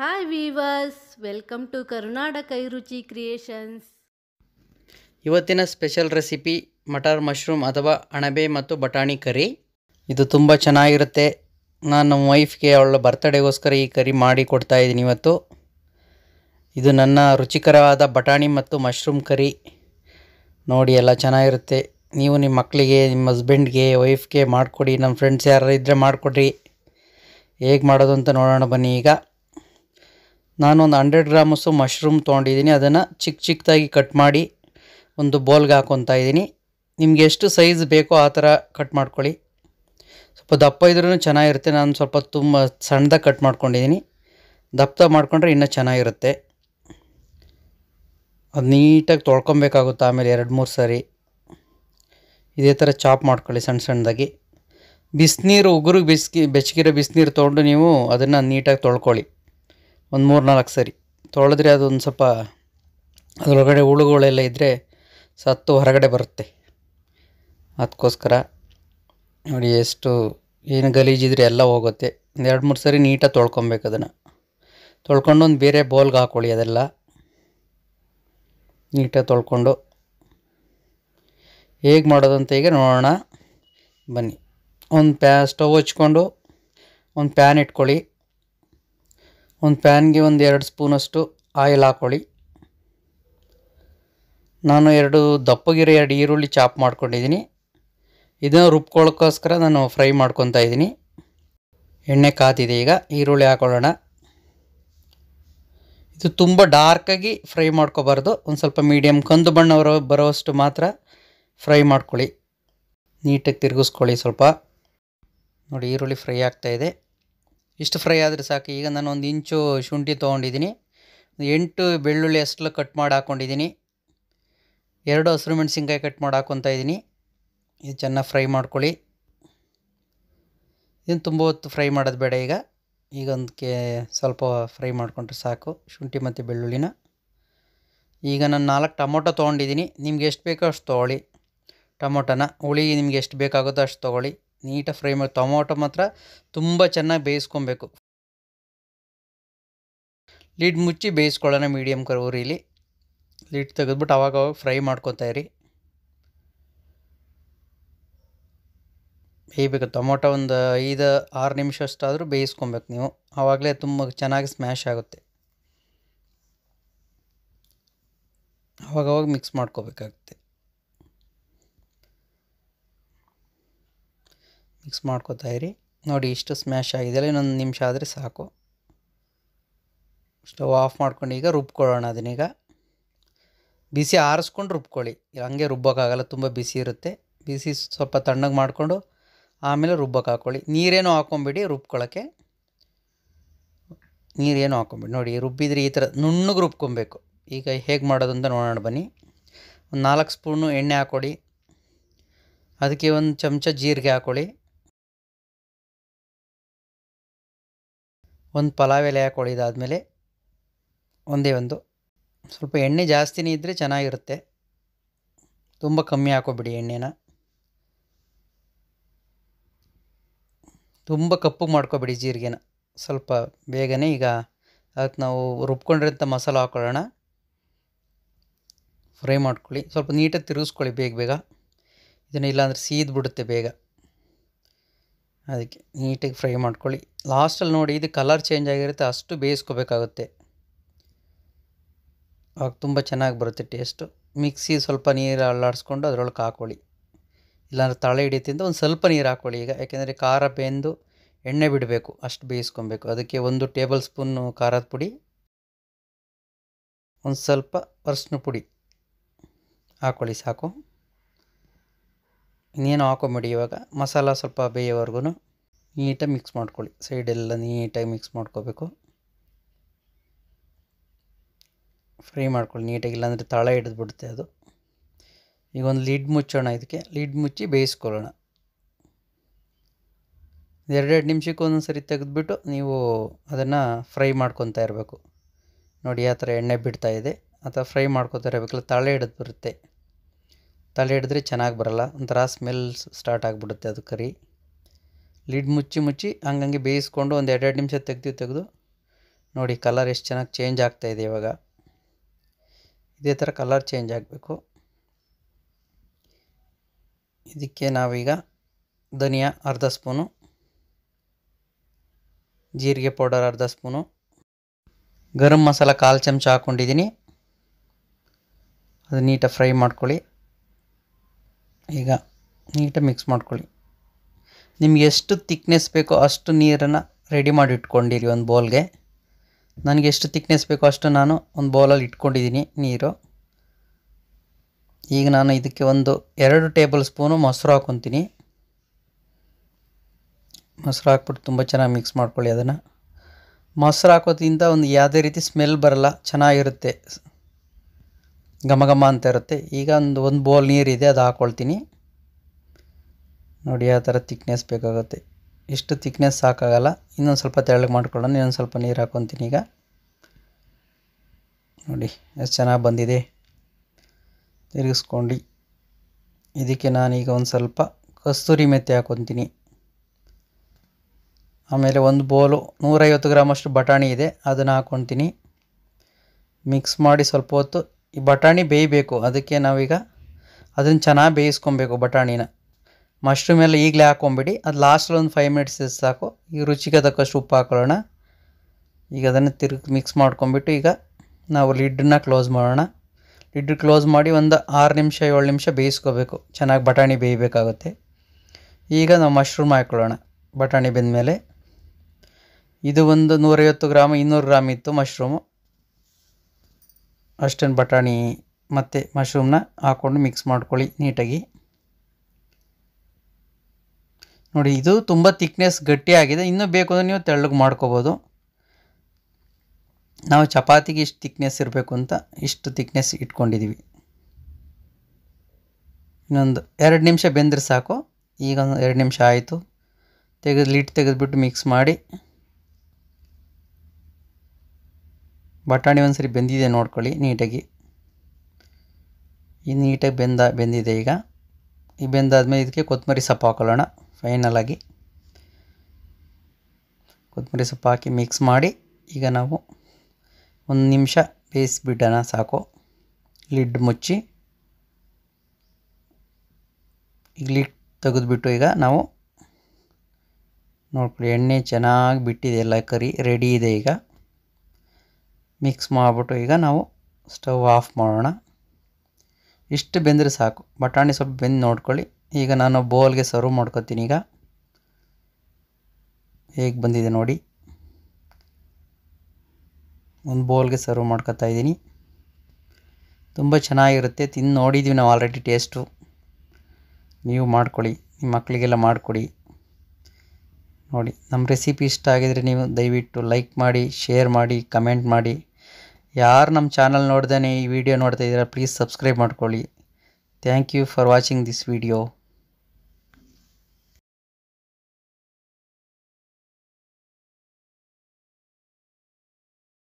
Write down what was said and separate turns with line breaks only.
hi viewers welcome to Karnataka Ruchi creations ಇವತ್ತಿನ special recipe matar mushroom ಅಥವಾ ಅಣಬೆ ಮತ್ತು ಬಟಾಣಿ ಕರಿ ಇದು ತುಂಬ ಚೆನ್ನಾಗಿರುತ್ತೆ ನಾನು ನಮ್ಮ ವೈಫ್ಗೆ ಅವಳ ಬರ್ತ್ಡೇಗೋಸ್ಕರ ಈ ಕರಿ ಮಾಡಿ ಕೊಡ್ತಾ ಇದ್ದೀನಿ ಇವತ್ತು ಇದು ನನ್ನ ರುಚಿಕರವಾದ ಬಟಾಣಿ ಮತ್ತು ಮಶ್ರೂಮ್ ಕರಿ ನೋಡಿ ಎಲ್ಲ ಚೆನ್ನಾಗಿರುತ್ತೆ ನೀವು ನಿಮ್ಮ ಮಕ್ಕಳಿಗೆ ನಿಮ್ಮ ಹಸ್ಬೆಂಡ್ಗೆ ವೈಫ್ಗೆ ಮಾಡಿಕೊಡಿ ನಮ್ಮ ಫ್ರೆಂಡ್ಸ್ ಯಾರು ಇದ್ದರೆ ಮಾಡಿಕೊಡ್ರಿ ಹೇಗೆ ಮಾಡೋದು ಅಂತ ನೋಡೋಣ ಬನ್ನಿ ಈಗ ನಾನೊಂದು ಹಂಡ್ರೆಡ್ ಗ್ರಾಮಸ್ಸು ಮಶ್ರೂಮ್ ತೊಗೊಂಡಿದ್ದೀನಿ ಅದನ್ನು ಚಿಕ್ಕ ಚಿಕ್ಕದಾಗಿ ಕಟ್ ಮಾಡಿ ಒಂದು ಬೋಲ್ಗೆ ಹಾಕೊತಾ ಇದ್ದೀನಿ ನಿಮ್ಗೆ ಎಷ್ಟು ಸೈಜ್ ಬೇಕೋ ಆ ಥರ ಕಟ್ ಮಾಡ್ಕೊಳ್ಳಿ ಸ್ವಲ್ಪ ದಪ್ಪ ಇದ್ರೂ ಚೆನ್ನಾಗಿರುತ್ತೆ ನಾನು ಸ್ವಲ್ಪ ತುಂಬ ಸಣ್ಣದಾಗಿ ಕಟ್ ಮಾಡ್ಕೊಂಡಿದ್ದೀನಿ ದಪ್ಪ ಮಾಡಿಕೊಂಡ್ರೆ ಇನ್ನೂ ಚೆನ್ನಾಗಿರುತ್ತೆ ಅದು ನೀಟಾಗಿ ತೊಳ್ಕೊಬೇಕಾಗುತ್ತೆ ಆಮೇಲೆ ಎರಡು ಮೂರು ಸಾರಿ ಇದೇ ಥರ ಚಾಪ್ ಮಾಡ್ಕೊಳ್ಳಿ ಸಣ್ಣ ಸಣ್ಣದಾಗಿ ಬಿಸಿನೀರು ಉಗುರು ಬಿಸ್ಕಿ ಬೆಚ್ಚಗಿರೋ ಬಿಸಿನೀರು ತೊಗೊಂಡು ನೀವು ಅದನ್ನು ನೀಟಾಗಿ ತೊಳ್ಕೊಳ್ಳಿ ಒಂದು ಮೂರು ನಾಲ್ಕು ಸರಿ ತೊಳೆದ್ರೆ ಅದೊಂದು ಸ್ವಲ್ಪ ಅದರೊಳಗಡೆ ಹುಳುಗಳೆಲ್ಲ ಇದ್ದರೆ ಸತ್ತು ಹೊರಗಡೆ ಬರುತ್ತೆ ಅದಕ್ಕೋಸ್ಕರ ನೋಡಿ ಎಷ್ಟು ಏನು ಗಲೀಜಿದ್ರೆ ಎಲ್ಲ ಹೋಗುತ್ತೆ ಒಂದು ಎರಡು ಮೂರು ಸರಿ ನೀಟಾಗಿ ತೊಳ್ಕೊಬೇಕು ಅದನ್ನು ತೊಳ್ಕೊಂಡು ಒಂದು ಬೇರೆ ಬೌಲ್ಗೆ ಹಾಕೊಳ್ಳಿ ಅದೆಲ್ಲ ನೀಟಾಗಿ ತೊಳ್ಕೊಂಡು ಹೇಗೆ ಮಾಡೋದು ಅಂತ ಈಗ ನೋಡೋಣ ಬನ್ನಿ ಒಂದು ಪ್ಯಾ ಸ್ಟವ್ ಹಚ್ಕೊಂಡು ಒಂದು ಪ್ಯಾನ್ ಇಟ್ಕೊಳ್ಳಿ ಒಂದು ಪ್ಯಾನ್ಗೆ ಒಂದು ಎರಡು ಸ್ಪೂನಷ್ಟು ಆಯಿಲ್ ಹಾಕ್ಕೊಳ್ಳಿ ನಾನು ಎರಡು ದಪ್ಪಗಿರೋ ಎರಡು ಈರುಳ್ಳಿ ಚಾಪ್ ಮಾಡ್ಕೊಂಡಿದ್ದೀನಿ ಇದನ್ನು ರುಬ್ಕೊಳ್ಳೋಕ್ಕೋಸ್ಕರ ನಾನು ಫ್ರೈ ಮಾಡ್ಕೊತಾ ಇದ್ದೀನಿ ಎಣ್ಣೆ ಕಾತಿದೆ ಈಗ ಈರುಳ್ಳಿ ಹಾಕೊಳ್ಳೋಣ ಇದು ತುಂಬ ಡಾರ್ಕಾಗಿ ಫ್ರೈ ಮಾಡ್ಕೋಬಾರ್ದು ಒಂದು ಸ್ವಲ್ಪ ಮೀಡಿಯಮ್ ಕಂದು ಬಣ್ಣ ಬರೋವಷ್ಟು ಮಾತ್ರ ಫ್ರೈ ಮಾಡ್ಕೊಳ್ಳಿ ನೀಟಾಗಿ ತಿರುಗಿಸ್ಕೊಳ್ಳಿ ಸ್ವಲ್ಪ ನೋಡಿ ಈರುಳ್ಳಿ ಫ್ರೈ ಆಗ್ತಾಯಿದೆ ಇಷ್ಟು ಫ್ರೈ ಆದರೆ ಸಾಕು ಈಗ ನಾನು ಒಂದು ಇಂಚು ಶುಂಠಿ ತೊಗೊಂಡಿದ್ದೀನಿ ಎಂಟು ಬೆಳ್ಳುಳ್ಳಿ ಅಷ್ಟು ಕಟ್ ಮಾಡಿ ಹಾಕ್ಕೊಂಡಿದ್ದೀನಿ ಎರಡು ಹಸಿರು ಮೆಣಸಿನ್ಕಾಯಿ ಕಟ್ ಮಾಡಿ ಹಾಕ್ಕೊತಾ ಇದ್ದೀನಿ ಇದು ಚೆನ್ನಾಗಿ ಫ್ರೈ ಮಾಡ್ಕೊಳ್ಳಿ ಇದನ್ನು ತುಂಬ ಹೊತ್ತು ಫ್ರೈ ಮಾಡೋದು ಬೇಡ ಈಗ ಈಗ ಒಂದಕ್ಕೆ ಸ್ವಲ್ಪ ಫ್ರೈ ಮಾಡಿಕೊಂಡ್ರೆ ಸಾಕು ಶುಂಠಿ ಮತ್ತು ಬೆಳ್ಳುಳ್ಳಿನ ಈಗ ನಾನು ನಾಲ್ಕು ಟೊಮೊಟೊ ತೊಗೊಂಡಿದ್ದೀನಿ ನಿಮ್ಗೆ ಎಷ್ಟು ಬೇಕೋ ಅಷ್ಟು ತೊಗೊಳ್ಳಿ ಟೊಮೊಟೊನ ಹುಳಿ ನಿಮ್ಗೆ ಎಷ್ಟು ಬೇಕಾಗುತ್ತೋ ಅಷ್ಟು ತೊಗೊಳ್ಳಿ ನೀಟಾಗಿ ಫ್ರೈ ಮಾಡಿ ಟೊಮೊಟೊ ಮಾತ್ರ ತುಂಬ ಚೆನ್ನಾಗಿ ಬೇಯಿಸ್ಕೊಬೇಕು ಲಿಡ್ ಮುಚ್ಚಿ ಬೇಯಿಸ್ಕೊಳ್ಳೋಣ ಮೀಡಿಯಮ್ ಕರ್ ಉರಿಲಿ ಲಿಡ್ ತೆಗೆದ್ಬಿಟ್ಟು ಅವಾಗ ಅವಾಗ ಫ್ರೈ ಇರಿ ಬೇಯಬೇಕು ಟೊಮೊಟೊ ಒಂದು ಐದು ಆರು ನಿಮಿಷ ಅಷ್ಟಾದರೂ ಬೇಯಿಸ್ಕೊಬೇಕು ನೀವು ಆವಾಗಲೇ ತುಂಬ ಚೆನ್ನಾಗಿ ಸ್ಮ್ಯಾಶ್ ಆಗುತ್ತೆ ಅವಾಗವಾಗ ಮಿಕ್ಸ್ ಮಾಡ್ಕೋಬೇಕಾಗುತ್ತೆ ಮಿಕ್ಸ್ ಮಾಡ್ಕೋತಾ ಇರಿ ನೋಡಿ ಇಷ್ಟು ಸ್ಮ್ಯಾಶ್ ಆಗಿದೆಯಲ್ಲ ಇನ್ನೊಂದು ನಿಮಿಷ ಆದರೆ ಸಾಕು ಸ್ಟವ್ ಆಫ್ ಮಾಡ್ಕೊಂಡು ಈಗ ರುಬ್ಕೊಳ್ಳೋಣ ಅದನ್ನೀಗ ಬಿಸಿ ಆರಿಸ್ಕೊಂಡು ರುಬ್ಕೊಳ್ಳಿ ಹಂಗೆ ರುಬ್ಬೋಕ್ಕಾಗಲ್ಲ ತುಂಬ ಬಿಸಿ ಇರುತ್ತೆ ಬಿಸಿ ಸ್ವಲ್ಪ ತಣ್ಣಗೆ ಮಾಡಿಕೊಂಡು ಆಮೇಲೆ ರುಬ್ಬಕ್ಕೆ ಹಾಕ್ಕೊಳ್ಳಿ ನೀರೇನು ಹಾಕೊಂಬಿಡಿ ರುಬ್ಕೊಳ್ಳೋಕ್ಕೆ ನೀರೇನು ಹಾಕೊಂಬಿಡಿ ನೋಡಿ ರುಬ್ಬಿದ್ರೆ ಈ ಥರ ನುಣ್ಣಗೆ ರುಬ್ಕೊಬೇಕು ಈಗ ಹೇಗೆ ಮಾಡೋದು ಅಂತ ನೋಡೋಣ ಬನ್ನಿ ಒಂದು ನಾಲ್ಕು ಸ್ಪೂನು ಎಣ್ಣೆ ಹಾಕ್ಕೊಳ್ಳಿ ಅದಕ್ಕೆ ಒಂದು ಚಮಚ ಜೀರಿಗೆ ಹಾಕ್ಕೊಳ್ಳಿ ಒಂದು ಪಲಾವ್ ಎಲೆ ಹಾಕಿ ಒಂದೇ ಒಂದು ಸ್ವಲ್ಪ ಎಣ್ಣೆ ಜಾಸ್ತಿನೇ ಇದ್ದರೆ ಚೆನ್ನಾಗಿರುತ್ತೆ ತುಂಬ ಕಮ್ಮಿ ಹಾಕೋಬಿಡಿ ಎಣ್ಣೆನ ತುಂಬ ಕಪ್ಪು ಮಾಡ್ಕೊಬೇಡಿ ಜೀರಿಗೆನ ಸ್ವಲ್ಪ ಬೇಗನೆ ಈಗ ಅದಕ್ಕೆ ನಾವು ರುಬ್ಕೊಂಡಿರೋಂಥ ಮಸಾಲ ಹಾಕ್ಕೊಳ್ಳೋಣ ಫ್ರೈ ಮಾಡ್ಕೊಳ್ಳಿ ಸ್ವಲ್ಪ ನೀಟಾಗಿ ತಿರುಗಿಸ್ಕೊಳ್ಳಿ ಬೇಗ ಬೇಗ ಇದನ್ನು ಇಲ್ಲಾಂದ್ರೆ ಸೀದ್ಬಿಡುತ್ತೆ ಬೇಗ ಅದಕ್ಕೆ ನೀಟಾಗಿ ಫ್ರೈ ಮಾಡ್ಕೊಳ್ಳಿ ಲಾಸ್ಟಲ್ಲಿ ನೋಡಿ ಇದು ಕಲರ್ ಚೇಂಜ್ ಆಗಿರುತ್ತೆ ಅಷ್ಟು ಬೇಯಿಸ್ಕೋಬೇಕಾಗುತ್ತೆ ಅವಾಗ ತುಂಬ ಚೆನ್ನಾಗಿ ಬರುತ್ತೆ ಟೇಸ್ಟು ಮಿಕ್ಸಿ ಸ್ವಲ್ಪ ನೀರು ಅಲ್ಲಾಡಿಸ್ಕೊಂಡು ಅದರೊಳಗೆ ಹಾಕೊಳ್ಳಿ ಇಲ್ಲಾಂದ್ರೆ ತಳೆ ಹಿಡಿಯುತ್ತಿಂದ ಒಂದು ಸ್ವಲ್ಪ ನೀರು ಹಾಕೊಳ್ಳಿ ಈಗ ಯಾಕೆಂದರೆ ಖಾರ ಬೆಂದು ಎಣ್ಣೆ ಬಿಡಬೇಕು ಅಷ್ಟು ಬೇಯಿಸ್ಕೊಬೇಕು ಅದಕ್ಕೆ ಒಂದು ಟೇಬಲ್ ಸ್ಪೂನು ಖಾರದ ಪುಡಿ ಒಂದು ಸ್ವಲ್ಪ ಅರ್ಶಿನ ಪುಡಿ ಹಾಕೊಳ್ಳಿ ಸಾಕು ಇನ್ನೇನು ಹಾಕೊಂಬಿಡಿ ಇವಾಗ ಮಸಾಲ ಸ್ವಲ್ಪ ಬೇಯೋವರೆಗೂ ನೀಟಾಗಿ ಮಿಕ್ಸ್ ಮಾಡ್ಕೊಳ್ಳಿ ಸೈಡೆಲ್ಲ ನೀಟಾಗಿ ಮಿಕ್ಸ್ ಮಾಡ್ಕೋಬೇಕು ಫ್ರೈ ಮಾಡ್ಕೊಳ್ಳಿ ನೀಟಾಗಿ ಇಲ್ಲಾಂದರೆ ತಳ ಹಿಡಿದ್ಬಿಡುತ್ತೆ ಅದು ಈಗ ಒಂದು ಲಿಡ್ ಮುಚ್ಚೋಣ ಇದಕ್ಕೆ ಲಿಡ್ ಮುಚ್ಚಿ ಬೇಯಿಸ್ಕೊಳ್ಳೋಣ ಎರಡೆರಡು ನಿಮಿಷಕ್ಕೆ ಒಂದೊಂದು ಸರಿ ತೆಗೆದುಬಿಟ್ಟು ನೀವು ಅದನ್ನು ಫ್ರೈ ಮಾಡ್ಕೊತಾ ಇರಬೇಕು ನೋಡಿ ಆ ಥರ ಎಣ್ಣೆ ಬಿಡ್ತಾ ಇದೆ ಫ್ರೈ ಮಾಡ್ಕೊತಾ ಇರಬೇಕಲ್ಲ ತಳೆ ಹಿಡಿದು ಬರುತ್ತೆ ತಲೆ ಹಿಡಿದ್ರೆ ಚೆನ್ನಾಗಿ ಬರಲ್ಲ ಒಂಥರ ಸ್ಮೆಲ್ ಸ್ಟಾರ್ಟ್ ಆಗಿಬಿಡುತ್ತೆ ಅದು ಕರಿ ಲಿಡ್ ಮುಚ್ಚಿ ಮುಚ್ಚಿ ಹಂಗಂಗೆ ಬೇಯಿಸ್ಕೊಂಡು ಒಂದು ಎರಡೆರಡು ನಿಮಿಷ ತೆಗೆದು ತೆಗೆದು ನೋಡಿ ಕಲರ್ ಎಷ್ಟು ಚೆನ್ನಾಗಿ ಚೇಂಜ್ ಆಗ್ತಾಯಿದೆ ಇವಾಗ ಇದೇ ಥರ ಕಲರ್ ಚೇಂಜ್ ಆಗಬೇಕು ಇದಕ್ಕೆ ನಾವೀಗ ಧನಿಯಾ ಅರ್ಧ ಸ್ಪೂನು ಜೀರಿಗೆ ಪೌಡರ್ ಅರ್ಧ ಸ್ಪೂನು ಗರಂ ಮಸಾಲ ಕಾಲು ಚಮಚ ಹಾಕ್ಕೊಂಡಿದ್ದೀನಿ ಅದು ನೀಟಾಗಿ ಫ್ರೈ ಮಾಡ್ಕೊಳ್ಳಿ ಈಗ ನೀಟಾಗಿ ಮಿಕ್ಸ್ ಮಾಡ್ಕೊಳ್ಳಿ ನಿಮ್ಗೆ ಎಷ್ಟು ತಿಕ್ನೆಸ್ ಬೇಕೋ ಅಷ್ಟು ನೀರನ್ನು ರೆಡಿ ಮಾಡಿ ಇಟ್ಕೊಂಡಿರಿ ಒಂದು ಬೌಲ್ಗೆ ನನಗೆ ಎಷ್ಟು ತಿಕ್ನೆಸ್ ಬೇಕೋ ಅಷ್ಟು ನಾನು ಒಂದು ಬೌಲಲ್ಲಿ ಇಟ್ಕೊಂಡಿದ್ದೀನಿ ನೀರು ಈಗ ನಾನು ಇದಕ್ಕೆ ಒಂದು ಎರಡು ಟೇಬಲ್ ಸ್ಪೂನು ಮೊಸರು ಹಾಕೊತೀನಿ ಮೊಸರು ಹಾಕ್ಬಿಟ್ಟು ತುಂಬ ಚೆನ್ನಾಗಿ ಮಿಕ್ಸ್ ಮಾಡ್ಕೊಳ್ಳಿ ಅದನ್ನು ಮೊಸರು ಹಾಕೋದ್ರಿಂದ ಒಂದು ಯಾವುದೇ ರೀತಿ ಸ್ಮೆಲ್ ಬರಲ್ಲ ಚೆನ್ನಾಗಿರುತ್ತೆ ಘಮ ಘಮ ಅಂತ ಇರುತ್ತೆ ಈಗ ಒಂದು ಒಂದು ಬೌಲ್ ನೀರಿದೆ ಅದು ಹಾಕ್ಕೊಳ್ತೀನಿ ನೋಡಿ ಆ ಥರ ತಿಕ್ನೆಸ್ ಬೇಕಾಗುತ್ತೆ ಇಷ್ಟು ತಿಕ್ನೆಸ್ ಸಾಕಾಗಲ್ಲ ಇನ್ನೊಂದು ಸ್ವಲ್ಪ ತೆಳ್ಳಗೆ ಮಾಡ್ಕೊಳ್ಳೋಣ ಇನ್ನೊಂದು ಸ್ವಲ್ಪ ನೀರು ಹಾಕ್ಕೊತೀನಿ ಈಗ ನೋಡಿ ಎಷ್ಟು ಚೆನ್ನಾಗಿ ಬಂದಿದೆ ತಿರುಗಿಸ್ಕೊಂಡು ಇದಕ್ಕೆ ನಾನೀಗ ಒಂದು ಸ್ವಲ್ಪ ಕಸ್ತೂರಿ ಮೆತ್ತೆ ಹಾಕ್ಕೊತೀನಿ ಆಮೇಲೆ ಒಂದು ಬೋಲು ನೂರೈವತ್ತು ಗ್ರಾಮಷ್ಟು ಬಟಾಣಿ ಇದೆ ಅದನ್ನು ಹಾಕ್ಕೊತೀನಿ ಮಿಕ್ಸ್ ಮಾಡಿ ಸ್ವಲ್ಪ ಹೊತ್ತು ಈ ಬಟಾಣಿ ಬೇಯಬೇಕು ಅದಕ್ಕೆ ನಾವೀಗ ಅದನ್ನು ಚೆನ್ನಾಗಿ ಬೇಯಿಸ್ಕೊಬೇಕು ಬಟಾಣಿನ ಮಶ್ರೂಮ್ ಎಲ್ಲ ಈಗಲೇ ಹಾಕ್ಕೊಂಬಿಡಿ ಅದು ಲಾಸ್ಟಲ್ಲಿ ಒಂದು ಫೈವ್ ಮಿನಿಟ್ಸ್ ಸಾಕು ಈಗ ರುಚಿಗೆ ತಕ್ಕಷ್ಟು ಉಪ್ಪು ಹಾಕೊಳ್ಳೋಣ ಈಗ ಅದನ್ನು ತಿರುಗಿ ಮಿಕ್ಸ್ ಮಾಡ್ಕೊಂಬಿಟ್ಟು ಈಗ ನಾವು ಲಿಡ್ಡನ್ನ ಕ್ಲೋಸ್ ಮಾಡೋಣ ಲಿಡ್ ಕ್ಲೋಸ್ ಮಾಡಿ ಒಂದು ಆರು ನಿಮಿಷ ಏಳು ನಿಮಿಷ ಬೇಯಿಸ್ಕೋಬೇಕು ಚೆನ್ನಾಗಿ ಬಟಾಣಿ ಬೇಯಬೇಕಾಗುತ್ತೆ ಈಗ ನಾವು ಮಶ್ರೂಮ್ ಹಾಕ್ಕೊಳ್ಳೋಣ ಬಟಾಣಿ ಬೆಂದಮೇಲೆ ಇದು ಒಂದು ನೂರೈವತ್ತು ಗ್ರಾಮ್ ಇನ್ನೂರು ಗ್ರಾಮ್ ಇತ್ತು ಮಶ್ರೂಮು ಅಷ್ಟೊಂದು ಬಟಾಣಿ ಮತ್ತು ಮಶ್ರೂಮ್ನ ಹಾಕ್ಕೊಂಡು ಮಿಕ್ಸ್ ಮಾಡ್ಕೊಳ್ಳಿ ನೀಟಾಗಿ ನೋಡಿ ಇದು ತುಂಬ ತಿಕ್ನೆಸ್ ಗಟ್ಟಿಯಾಗಿದೆ ಇನ್ನೂ ಬೇಕು ಅಂದರೆ ನೀವು ತೆಳ್ಳಗೆ ಮಾಡ್ಕೋಬೋದು ನಾವು ಚಪಾತಿಗೆ ಇಷ್ಟು ತಿಕ್ನೆಸ್ ಇರಬೇಕು ಅಂತ ಇಷ್ಟು ತಿಕ್ನೆಸ್ ಇಟ್ಕೊಂಡಿದ್ದೀವಿ ಇನ್ನೊಂದು ಎರಡು ನಿಮಿಷ ಬೆಂದರೆ ಸಾಕು ಈಗ ಒಂದು ಎರಡು ನಿಮಿಷ ಆಯಿತು ತೆಗೆದು ಲಿಟ್ ತೆಗೆದುಬಿಟ್ಟು ಮಿಕ್ಸ್ ಮಾಡಿ ಬಟಾಣಿ ಒಂದು ಸರಿ ಬೆಂದಿದೆ ನೋಡ್ಕೊಳ್ಳಿ ನೀಟಾಗಿ ಈ ನೀಟಾಗಿ ಬೆಂದ ಬೆಂದಿದೆ ಈಗ ಈ ಬೆಂದಾದ್ಮೇಲೆ ಇದಕ್ಕೆ ಕೊತ್ತಂಬರಿ ಸೊಪ್ಪು ಹಾಕೊಳ್ಳೋಣ ಫೈನಲಾಗಿ ಕೊತ್ತಂಬರಿ ಸೊಪ್ಪು ಹಾಕಿ ಮಿಕ್ಸ್ ಮಾಡಿ ಈಗ ನಾವು ಒಂದು ನಿಮಿಷ ಬೇಯಿಸಿಬಿಡೋಣ ಸಾಕು ಲಿಡ್ ಮುಚ್ಚಿ ಈಗ ಲಿಡ್ ತೆಗೆದುಬಿಟ್ಟು ಈಗ ನಾವು ನೋಡ್ಕೊಳ್ಳಿ ಎಣ್ಣೆ ಚೆನ್ನಾಗಿ ಬಿಟ್ಟಿದೆ ಎಲ್ಲ ಕರಿ ರೆಡಿ ಇದೆ ಈಗ ಮಿಕ್ಸ್ ಮಾಡಿಬಿಟ್ಟು ಈಗ ನಾವು ಸ್ಟವ್ ಆಫ್ ಮಾಡೋಣ ಇಷ್ಟು ಬೆಂದರೆ ಸಾಕು ಬಟಾಣಿ ಸ್ವಲ್ಪ ಬೆಂದು ನೋಡ್ಕೊಳ್ಳಿ ಈಗ ನಾನು ಬೋಲ್ಗೆ ಸರ್ವ್ ಮಾಡ್ಕೊತೀನಿ ಈಗ ಹೇಗೆ ಬಂದಿದೆ ನೋಡಿ ಒಂದು ಬೌಲ್ಗೆ ಸರ್ವ್ ಮಾಡ್ಕೋತಾ ಇದ್ದೀನಿ ತುಂಬ ಚೆನ್ನಾಗಿರುತ್ತೆ ತಿಂದು ನೋಡಿದ್ದೀವಿ ನಾವು ಆಲ್ರೆಡಿ ಟೇಸ್ಟು ನೀವು ಮಾಡ್ಕೊಳ್ಳಿ ನಿಮ್ಮ ಮಕ್ಕಳಿಗೆಲ್ಲ ಮಾಡಿಕೊಡಿ ನೋಡಿ ನಮ್ಮ ರೆಸಿಪಿ ಇಷ್ಟ ಆಗಿದರೆ ನೀವು ದಯವಿಟ್ಟು ಲೈಕ್ ಮಾಡಿ ಶೇರ್ ಮಾಡಿ ಕಮೆಂಟ್ ಮಾಡಿ ಯಾರು ನಮ್ಮ ಚಾನಲ್ ನೋಡ್ದೇ ಈ ವಿಡಿಯೋ ನೋಡ್ತಾ ಇದ್ದೀರಾ ಪ್ಲೀಸ್ ಸಬ್ಸ್ಕ್ರೈಬ್ ಮಾಡ್ಕೊಳ್ಳಿ thank you for watching this video